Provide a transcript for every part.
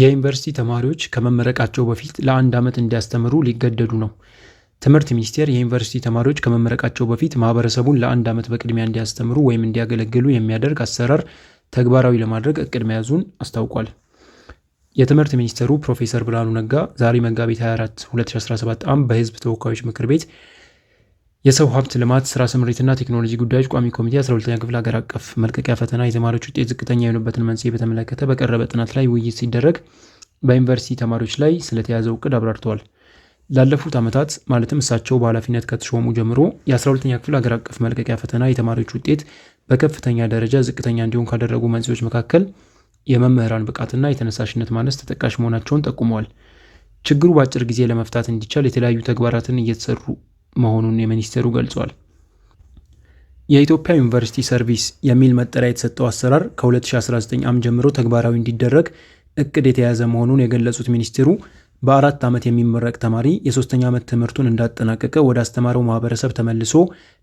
የዩኒቨርሲቲ ተማሪዎች ከመመረቃቸው በፊት ለአንድ ዓመት እንዲያስተምሩ ሊገደዱ ነው። ትምህርት ሚኒስቴር የዩኒቨርሲቲ ተማሪዎች ከመመረቃቸው በፊት ማህበረሰቡን ለአንድ ዓመት በቅድሚያ እንዲያስተምሩ ወይም እንዲያገለግሉ የሚያደርግ አሰራር ተግባራዊ ለማድረግ እቅድ መያዙን አስታውቋል። የትምህርት ሚኒስትሩ ፕሮፌሰር ብርሃኑ ነጋ ዛሬ መጋቢት 24 2017 ዓ.ም ተወካዮች ምክር ቤት የሰው ሀብት ልማት ስራ ስምሪትና ቴክኖሎጂ ጉዳዮች ቋሚ ኮሚቴ 12ኛ ክፍል ሀገር አቀፍ መልቀቂያ ፈተና የተማሪዎች ውጤት ዝቅተኛ የሆኑበትን መንስኤ በተመለከተ በቀረበ ጥናት ላይ ውይይት ሲደረግ በዩኒቨርሲቲ ተማሪዎች ላይ ስለተያዘው እቅድ አብራርተዋል። ላለፉት ዓመታት ማለትም እሳቸው በኃላፊነት ከተሾሙ ጀምሮ የ12ኛ ክፍል ሀገር አቀፍ መልቀቂያ ፈተና የተማሪዎች ውጤት በከፍተኛ ደረጃ ዝቅተኛ እንዲሆን ካደረጉ መንስኤዎች መካከል የመምህራን ብቃትና የተነሳሽነት ማነስ ተጠቃሽ መሆናቸውን ጠቁመዋል። ችግሩ በአጭር ጊዜ ለመፍታት እንዲቻል የተለያዩ ተግባራትን እየተሰሩ መሆኑን የሚኒስቴሩ ገልጿል። የኢትዮጵያ ዩኒቨርሲቲ ሰርቪስ የሚል መጠሪያ የተሰጠው አሰራር ከ2019 ዓ.ም ጀምሮ ተግባራዊ እንዲደረግ እቅድ የተያዘ መሆኑን የገለጹት ሚኒስቴሩ በአራት ዓመት የሚመረቅ ተማሪ የሶስተኛ ዓመት ትምህርቱን እንዳጠናቀቀ ወደ አስተማረው ማህበረሰብ ተመልሶ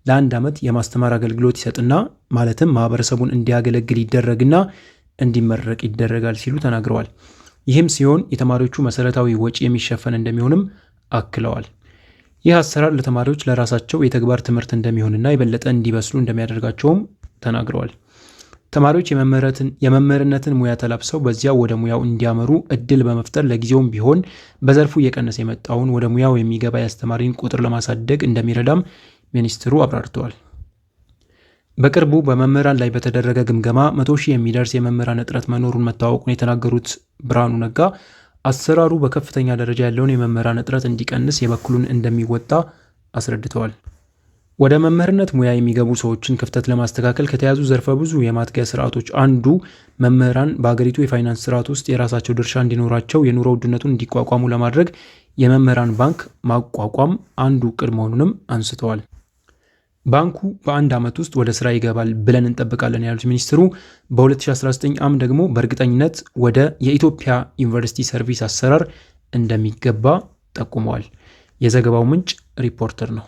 ለአንድ ዓመት የማስተማር አገልግሎት ይሰጥና ማለትም ማህበረሰቡን እንዲያገለግል ይደረግና እንዲመረቅ ይደረጋል ሲሉ ተናግረዋል። ይህም ሲሆን የተማሪዎቹ መሰረታዊ ወጪ የሚሸፈን እንደሚሆንም አክለዋል። ይህ አሰራር ለተማሪዎች ለራሳቸው የተግባር ትምህርት እንደሚሆንና የበለጠ እንዲበስሉ እንደሚያደርጋቸውም ተናግረዋል። ተማሪዎች የመምህርነትን ሙያ ተላብሰው በዚያ ወደ ሙያው እንዲያመሩ እድል በመፍጠር ለጊዜውም ቢሆን በዘርፉ እየቀነሰ የመጣውን ወደ ሙያው የሚገባ የአስተማሪን ቁጥር ለማሳደግ እንደሚረዳም ሚኒስትሩ አብራርተዋል። በቅርቡ በመምህራን ላይ በተደረገ ግምገማ መቶ ሺህ የሚደርስ የመምህራን እጥረት መኖሩን መታወቁን የተናገሩት ብርሃኑ ነጋ አሰራሩ በከፍተኛ ደረጃ ያለውን የመምህራን እጥረት እንዲቀንስ የበኩሉን እንደሚወጣ አስረድተዋል። ወደ መምህርነት ሙያ የሚገቡ ሰዎችን ክፍተት ለማስተካከል ከተያዙ ዘርፈ ብዙ የማትጊያ ስርዓቶች አንዱ መምህራን በአገሪቱ የፋይናንስ ስርዓት ውስጥ የራሳቸው ድርሻ እንዲኖራቸው የኑሮ ውድነቱን እንዲቋቋሙ ለማድረግ የመምህራን ባንክ ማቋቋም አንዱ እቅድ መሆኑንም አንስተዋል። ባንኩ በአንድ ዓመት ውስጥ ወደ ስራ ይገባል ብለን እንጠብቃለን ያሉት ሚኒስትሩ በ2019 ዓም ደግሞ በእርግጠኝነት ወደ የኢትዮጵያ ዩኒቨርሲቲ ሰርቪስ አሰራር እንደሚገባ ጠቁመዋል። የዘገባው ምንጭ ሪፖርተር ነው።